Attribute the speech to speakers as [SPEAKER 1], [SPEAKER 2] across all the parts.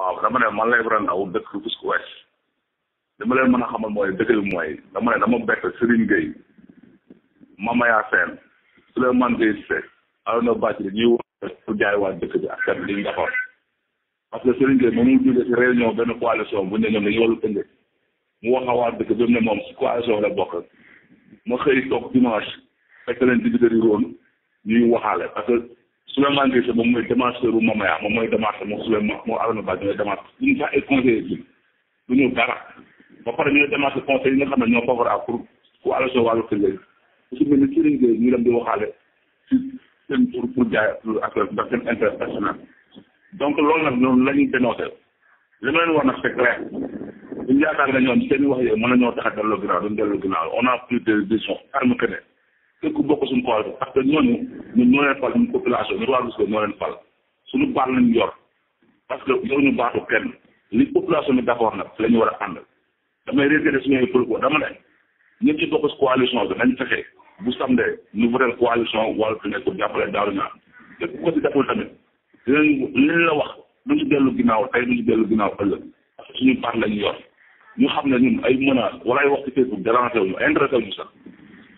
[SPEAKER 1] waaw dama ne man lay waral aw dëkk Rufisque Ouest dama leen mën a xamal mooy dëggal mooy dama ne dama bett Serigne Gueye Mamaya Sène Souleymane Gueye Seck Arouna Bathily ñuy wax pour jaay waa dëkk bi ak kat liñ defoon parce que Serigne Gueye moom mu jógee si réunion benn coalition bu ne ñoom dañu wàllu tëngëj mu wax a waa dëkk bi ne moom si coalition la bokk ma xëy toog dimanche fekk leen digg-dëri roon ñuy waxaale parce Souleymane Cissé moom mooy démarcheur bu Mamaya moom mooy démarche moom Souleymane moom Arona Ba ñooy démarche duñu sax ay conseillers bi du ñu dara ba pare ñooy démarche conseil yi nga xam ne ñoo favorable pour ku alloso wàllu kër yooyu su mel ni Serigne Gueye ñu dem di waxaale ci seen pour pour jaay pour affaire ndax seen intérêt personnel donc loolu nag la ñuy dénoncé li ma leen wax nag c'est clair duñu yaakaar ne ñoom seen i wax yooyu mën na ñoo tax a delloo ginnaaw duñu delloo ginnaaw on a pris des décisions fermes que képp ku bokk suñu xool parce que ñooñu ñun ñoo leen fal ñun population ñun waa Rufisque ñoo leen fal suñu baat lañ yor parce que yoruñu baatu kenn li population bi d'accord nag la ñu war a ànd damay réitéré suñu propos dama ne ñëpp ci bokk si coalition bi nañ fexe bu samedi ñu voté coalition wala fi nekk pour jàppale Darou Niang képp ko si deful tamit dinañ liñ la wax duñu dellu ginnaaw tey duñu dellu ginnaaw ëllëg parce que suñu baat lañ yor ñu xam ne ñun ay menaces wala ay wax Facebook dérangé wuñu intéressé wuñu sax.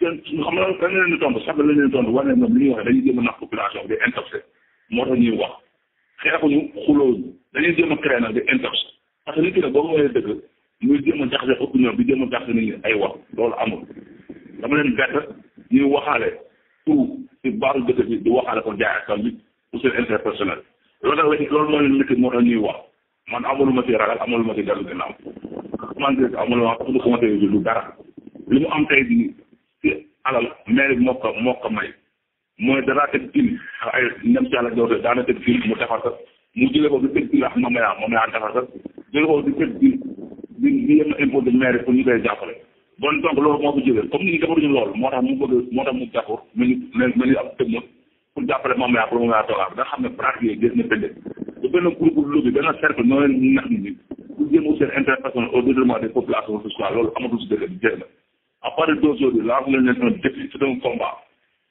[SPEAKER 1] xam nga lan lañ tontu sax lañ leen tontu wane ñoom li ñuy wax dañuy jéem a nax population di intoxé moo tax ñuy wax xeexuñu xuloo dañuy jéem a créé nag di intoxé parce que nit ki nag boo ko waxee dëgg muy jéem a jaxase opinion bi jéem a jaxase nit ñi ay wax loolu amul dama leen bett ñuy waxaale pour ci baaru dëkk bi di waxaale ko jaay ak tam bi pour seen intérêt personnel loolu nag lañ loolu moo leen métti moo tax ñuy wax man amaluma ci ragal amaluma ci dellu ginnaaw man de amaluma parce que commencé lu dara li mu am tey jii alal maire bi moo ko moo ko may mooy danaa teg pile mu defar ko mu jëlee ko di teg pile ak moom yaa moom yaa defar ko jëlee ko di teg pile di di yem impôt de maire ñu koy bon donc loolu moo ko jëlee comme ni ñu defaruñu loolu moo tax mu bëgg moo tax mu d'accord mel ni mel ni ab tëgma ne braque yooyu gis na bëgg bu benn groupe lobby benn cercle noo leen nax nit ñi pour jéem seen intérêt personnel au détriment des populations sociales loolu amatul si dëkk bi jeex na à partir d'aujourd'hui laa xam ne un défi c'est un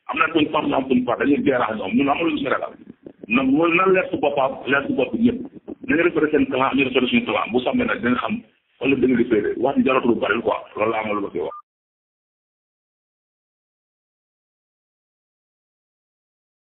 [SPEAKER 1] am na suñ femme am suñ part dañuy géraax ñoom ñun amul suñu ragal na na leer su boppam leer su bopp ñëpp nañu respecté seen clan ñu respecté suñu clan bu sàmmee nag danga xam wala danga di féeré wax ci jaratul bari quoi loolu laa amal lu ma koy wax.